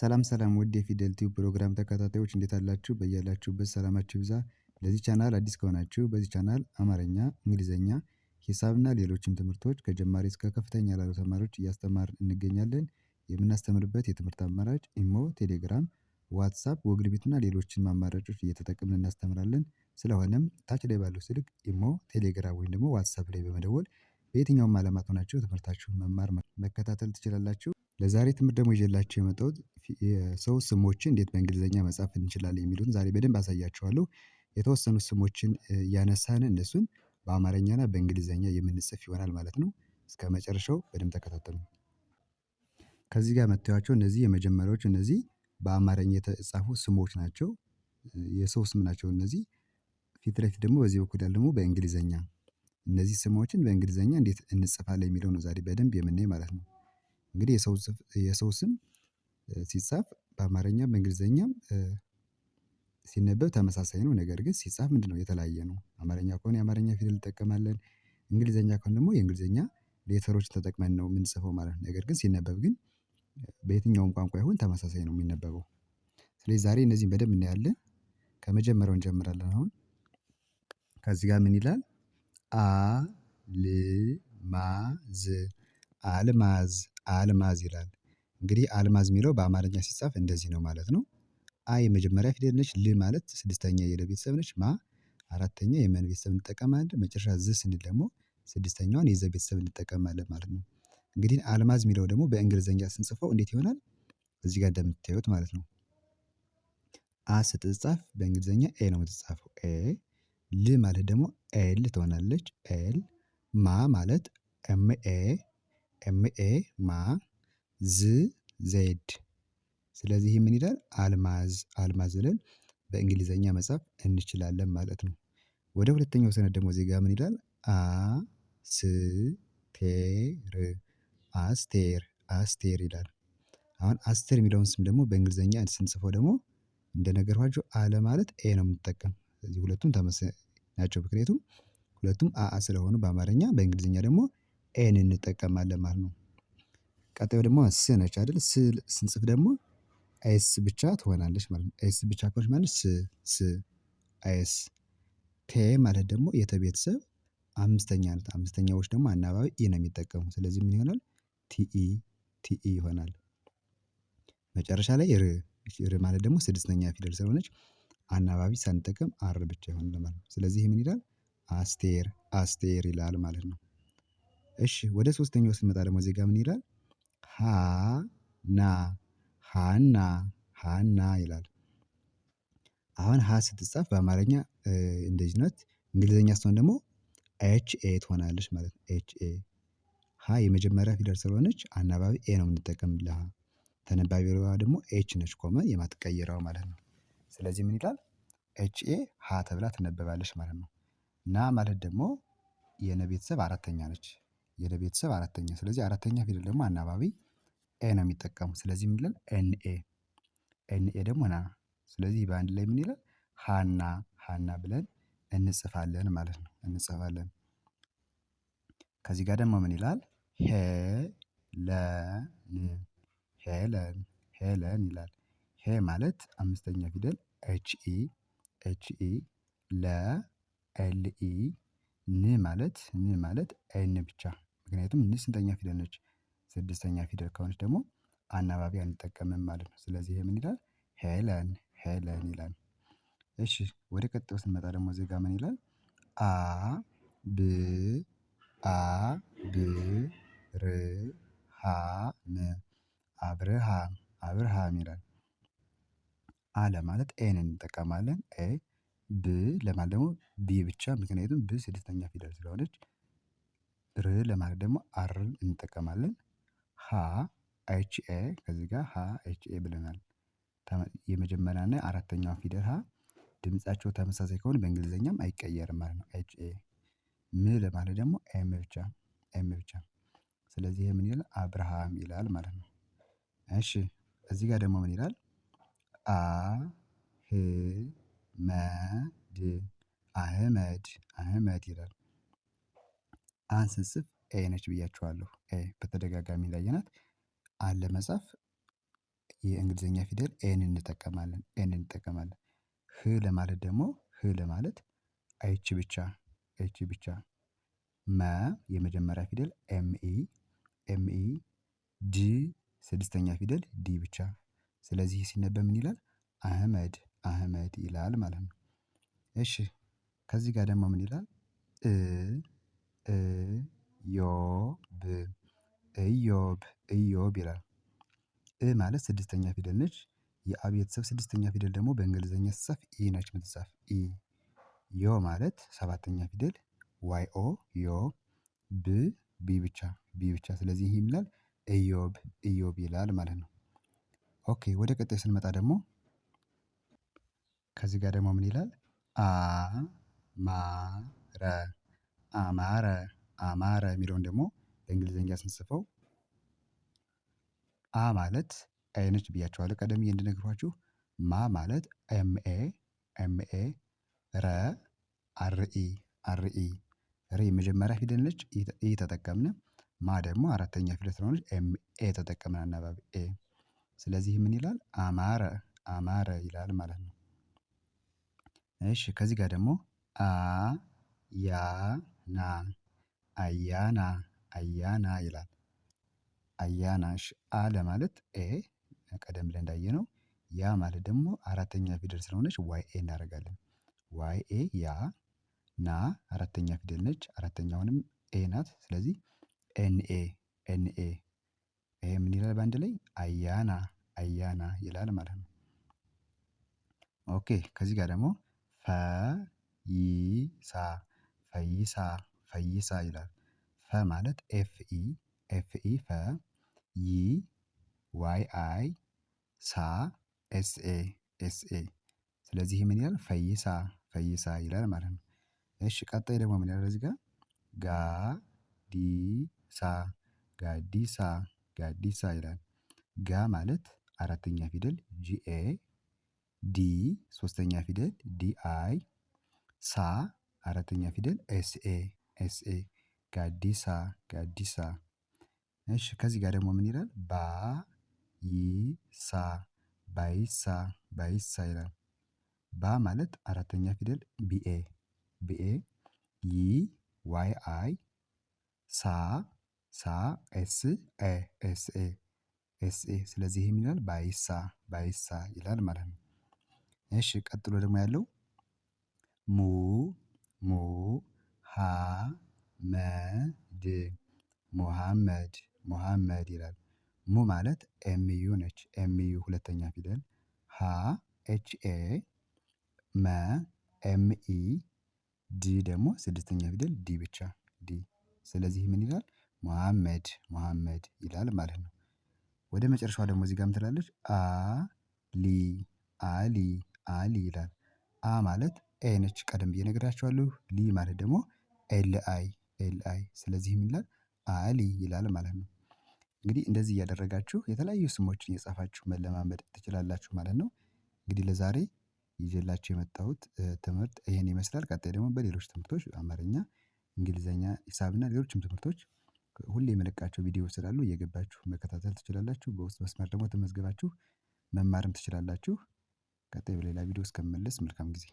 ሰላም ሰላም ውድ የፊደል ቲዩብ ፕሮግራም ተከታታዮች እንዴት አላችሁ? በያላችሁበት ሰላማችሁ ይብዛ። ለዚህ ቻናል አዲስ ከሆናችሁ በዚህ ቻናል አማርኛ፣ እንግሊዝኛ፣ ሂሳብና ሌሎችም ትምህርቶች ከጀማሪ እስከ ከፍተኛ ላሉ ተማሪዎች እያስተማር እንገኛለን። የምናስተምርበት የትምህርት አማራጭ ኢሞ፣ ቴሌግራም፣ ዋትሳፕ፣ ጎግል ቤትና ሌሎችን አማራጮች እየተጠቀምን እናስተምራለን። ስለሆነም ታች ላይ ባለው ስልክ ኢሞ፣ ቴሌግራም ወይም ደግሞ ዋትሳፕ ላይ በመደወል በየትኛውም አለማት ሆናችሁ ትምህርታችሁን መማር መከታተል ትችላላችሁ። ለዛሬ ትምህርት ደግሞ ይዤላቸው የመጣሁት የሰው ስሞችን እንዴት በእንግሊዘኛ መጻፍ እንችላለን የሚሉን ዛሬ በደንብ አሳያችኋለሁ። የተወሰኑ ስሞችን እያነሳን እነሱን በአማርኛና በእንግሊዘኛ የምንጽፍ ይሆናል ማለት ነው። እስከ መጨረሻው በደንብ ተከታተሉ። ከዚህ ጋር መታያቸው እነዚህ የመጀመሪያዎቹ እነዚህ በአማርኛ የተጻፉ ስሞች ናቸው። የሰው ስም ናቸው እነዚህ። ፊት ለፊት ደግሞ በዚህ በኩል ያለ ደግሞ በእንግሊዘኛ እነዚህ ስሞችን በእንግሊዘኛ እንዴት እንጽፋለን የሚለው ነው ዛሬ በደንብ የምናይ ማለት ነው። እንግዲህ የሰው ስም ሲጻፍ በአማርኛ በእንግሊዘኛም ሲነበብ ተመሳሳይ ነው። ነገር ግን ሲጻፍ ነው የተለያየ ነው። አማርኛ ከሆነ የአማርኛ ፊደል እንጠቀማለን እንግሊዘኛ ከሆነ ደግሞ የእንግሊዘኛ ሌተሮች ተጠቅመን ነው የምንጽፈው ማለት ነው። ነገር ግን ሲነበብ ግን በየትኛውም ቋንቋ ይሁን ተመሳሳይ ነው የሚነበበው። ስለዚህ ዛሬ እነዚህን በደንብ እናያለን። ከመጀመሪያው እንጀምራለን አሁን ከዚህ ጋር ምን ይላል? አልማዝ አልማዝ አልማዝ ይላል። እንግዲህ አልማዝ የሚለው በአማርኛ ሲጻፍ እንደዚህ ነው ማለት ነው። አ የመጀመሪያ ፊደል ነች። ል ማለት ስድስተኛ የለ ቤተሰብ ነች። ማ አራተኛ የመን ቤተሰብ እንጠቀማለን። መጨረሻ ዝ ስንል ደግሞ ስድስተኛዋን የዘ ቤተሰብ እንጠቀማለን ማለት ነው። እንግዲህ አልማዝ የሚለው ደግሞ በእንግሊዘኛ ስንጽፈው እንዴት ይሆናል? እዚህ ጋር እንደምታዩት ማለት ነው። አ ስትጻፍ በእንግሊዘኛ ኤ ነው የምትጻፈው ኤ። ል ማለት ደግሞ ኤል ትሆናለች ኤል። ማ ማለት ኤ ኤምኤ ማ ዝ ዘይድ። ስለዚህ ምን ይላል? አልማዝ አልማዝ ብለን በእንግሊዘኛ መጻፍ እንችላለን ማለት ነው። ወደ ሁለተኛው ሰነድ ደግሞ ዜጋ ምን ይላል? አስቴር አስቴር አስቴር ይላል። አሁን አስቴር የሚለውን ስም ደግሞ በእንግሊዘኛ ስንጽፈው ደግሞ እንደነገርኳችሁ አለ ማለት ኤ ነው የምንጠቀም። ስለዚህ ሁለቱም ተመሳሳይ ናቸው፣ ምክንያቱም ሁለቱም አአ ስለሆኑ በአማርኛ በእንግሊዝኛ ደግሞ ኤን እንጠቀማለን ማለት ነው። ቀጣዩ ደግሞ ስ ነች አይደል ስ ስንጽፍ ደግሞ ኤስ ብቻ ትሆናለች ማለት ነው። ኤስ ብቻ ከሆነች ማለት ስ ስ ኤስ ቴ ማለት ደግሞ የተቤተሰብ አምስተኛ ናት። አምስተኛዎች ደግሞ አናባቢ ኢ ነው የሚጠቀሙ ስለዚህ ምን ይሆናል? ቲኢ ቲኢ ይሆናል። መጨረሻ ላይ ር ር ማለት ደግሞ ስድስተኛ ፊደል ስለሆነች አናባቢ ሳንጠቀም አር ብቻ ይሆናል ማለት ነው። ስለዚህ ምን ይላል? አስቴር አስቴር ይላል ማለት ነው እሺ ወደ ሶስተኛው ስንመጣ ደግሞ እዚህ ጋር ምን ይላል? ሀ ና ሃና ሃና ይላል። አሁን ሀ ስትጻፍ በአማርኛ እንደዚህ ናት። እንግሊዘኛ ስትሆን ደግሞ ኤች ኤ ትሆናለች ማለት ነው። ኤች ኤ ሀ የመጀመሪያ ፊደል ስለሆነች አናባቢ ኤ ነው የምንጠቀምልህ። ተነባቢ ደግሞ ኤች ነች፣ ኮመ የማትቀይረው ማለት ነው። ስለዚህ ምን ይላል? ኤች ኤ ሀ ተብላ ትነበባለች ማለት ነው። ና ማለት ደግሞ የነ ቤተሰብ አራተኛ ነች። የለ ቤተሰብ አራተኛ ስለዚህ አራተኛ ፊደል ደግሞ አናባቢ ኤ ነው የሚጠቀሙት ስለዚህ ምን ይላል ኤንኤ ኤንኤ ደግሞ ና ስለዚህ በአንድ ላይ ምን ይላል ሃና ሃና ብለን እንጽፋለን ማለት ነው እንጽፋለን ከዚህ ጋር ደግሞ ምን ይላል ሄለን ሄለን ሄለን ይላል ሄ ማለት አምስተኛ ፊደል ኤች ኢ ኤች ኢ ለ ኤል ኢ ን ማለት ን ማለት ኤን ብቻ ምክንያቱም እኒህ ስንተኛ ፊደል ነች? ስድስተኛ ፊደል ከሆነች ደግሞ አናባቢ አንጠቀምም ማለት ነው። ስለዚህ ይሄ ምን ይላል? ሄለን ሄለን ይላል። እሺ ወደ ቀጥሎ ስንመጣ ደግሞ እዚህ ጋር ምን ይላል? አ ብ አ ብ ር ሀ ም አብርሃም አብርሃም ይላል። አ ለማለት ኤን እንጠቀማለን። ኤ ብ ለማለት ደግሞ ቢ ብቻ ምክንያቱም ብ ስድስተኛ ፊደል ስለሆነች ር ለማለት ደግሞ አርን እንጠቀማለን። ሀ ኤች ኤ ከዚህ ጋር ሀ ኤች ኤ ብለናል። የመጀመሪያና አራተኛዋ ፊደል ሀ ድምፃቸው ተመሳሳይ ከሆነ በእንግሊዝኛም አይቀየርም ማለት ነው። ኤች ኤ ም ለማለት ደግሞ ኤም ብቻ ኤም ብቻ። ስለዚህ ምን ይላል አብርሃም ይላል ማለት ነው። እሺ እዚህ ጋር ደግሞ ምን ይላል? አ ህ መድ አህመድ አህመድ ይላል አን ስንጽፍ ኤ ነች ብያችኋለሁ። ኤ በተደጋጋሚ ላየናት አን ለመጻፍ የእንግሊዝኛ ፊደል ኤን እንጠቀማለን ኤን እንጠቀማለን። ህ ለማለት ደግሞ ህ ለማለት አይቺ ብቻ አይቺ ብቻ። መ የመጀመሪያ ፊደል ኤምኢ ኤምኢ። ድ ስድስተኛ ፊደል ዲ ብቻ። ስለዚህ ሲነበብ ምን ይላል? አህመድ አህመድ ይላል ማለት ነው። እሺ ከዚህ ጋር ደግሞ ምን ይላል? እዮብ እዮብ እዮብ ይላል። እ ማለት ስድስተኛ ፊደል ነች። የአ ቤተሰብ ስድስተኛ ፊደል ደግሞ በእንግሊዝኛ ስትጻፍ ኢ ነች የምትጻፍ ኢ። ዮ ማለት ሰባተኛ ፊደል ዋይ ኦ ዮ ብ ቢ ብቻ ቢ ብቻ። ስለዚህ ይህ ይላል እዮብ እዮብ ይላል ማለት ነው። ኦኬ ወደ ቀጣይ ስንመጣ ደግሞ ከዚህ ጋር ደግሞ ምን ይላል? አማረ አማረ አማረ የሚለውን ደግሞ በእንግሊዘኛ ስንጽፈው አ ማለት አይነች ብያቸዋለሁ ቀደም ብዬ ማ ማለት ኤምኤ ኤምኤ ረ አርኢ አርኢ ረ የመጀመሪያ ፊደል ነች እየተጠቀምን ማ ደግሞ አራተኛ ፊደል ስለሆነች ኤምኤ ተጠቀምን አናባቢ ኤ ስለዚህ ምን ይላል አማረ አማረ ይላል ማለት ነው እሺ ከዚህ ጋር ደግሞ አ ያ ና አያና አያና ይላል። አያና አ ለማለት ኤ ቀደም ብለን እንዳየነው፣ ያ ማለት ደግሞ አራተኛ ፊደል ስለሆነች ዋይ ኤ እናደርጋለን። ዋይ ኤ ያ ና አራተኛ ፊደል ነች። አራተኛውንም ኤ ናት። ስለዚህ ኤንኤ ኤንኤ ይሄ ምን ይላል? በአንድ ላይ አያና አያና ይላል ማለት ነው። ኦኬ ከዚህ ጋር ደግሞ ፈይሳ ፈይሳ ፈይሳ ይላል። ፈ ማለት ኤፍኢ ኤፍኢ ፈ ይ ዋይ አይ ሳ ኤስኤ ኤስኤ ስለዚህ ምን ይላል? ፈይሳ ፈይሳ ይላል ማለት ነው። እሺ ቀጣይ ደግሞ ምን ይላል? እዚህ ጋር ጋ ዲ ሳ ጋዲሳ ጋዲሳ ይላል። ጋ ማለት አራተኛ ፊደል ጂኤ ዲ ሶስተኛ ፊደል ዲ አይ ሳ አራተኛ ፊደል ኤስኤ ኤስኤ ጋዲሳ ጋዲሳ። እሺ ከዚህ ጋር ደግሞ ምን ይላል? ባይሳ ባይሳ ባይሳ ይላል። ባ ማለት አራተኛ ፊደል ቢኤ ቢኤ ይ ዋይ አይ ሳ ሳ ኤስ ኤ ኤስ ኤ ኤስ ኤ። ስለዚህ ይህም ይላል ባይሳ ባይሳ ይላል ማለት ነው። እሺ ቀጥሎ ደግሞ ያለው ሙ ሙ ሃ መ ድ ሙሐመድ ሙሐመድ ይላል። ሙ ማለት ኤምዩ ነች ኤምዩ ሁለተኛ ፊደል ሀ ኤች ኤ መ ኤምኢ ዲ ደግሞ ስድስተኛ ፊደል ዲ ብቻ ዲ። ስለዚህ ምን ይላል? ሙሐመድ ሙሐመድ ይላል ማለት ነው። ወደ መጨረሻዋ ደግሞ እዚህ ጋር ትላለች? አ ሊ አሊ አሊ ይላል። አ ማለት ኤ ነች ቀደም ብዬ ነግራችኋለሁ። ሊ ማለት ደግሞ ኤል አይ ኤል አይ ስለዚህ ይላል አሊ ይላል ማለት ነው። እንግዲህ እንደዚህ እያደረጋችሁ የተለያዩ ስሞችን እየጻፋችሁ መለማመድ ትችላላችሁ ማለት ነው። እንግዲህ ለዛሬ ይዤላችሁ የመጣሁት ትምህርት ይሄን ይመስላል። ቀጣይ ደግሞ በሌሎች ትምህርቶች አማርኛ፣ እንግሊዘኛ፣ ሂሳብና ሌሎችም ትምህርቶች ሁሌ የመለቃቸው ቪዲዮ ስላሉ እየገባችሁ መከታተል ትችላላችሁ። በውስጥ መስመር ደግሞ ተመዝግባችሁ መማርም ትችላላችሁ። ቀጣይ በሌላ ቪዲዮ እስከምመለስ መልካም ጊዜ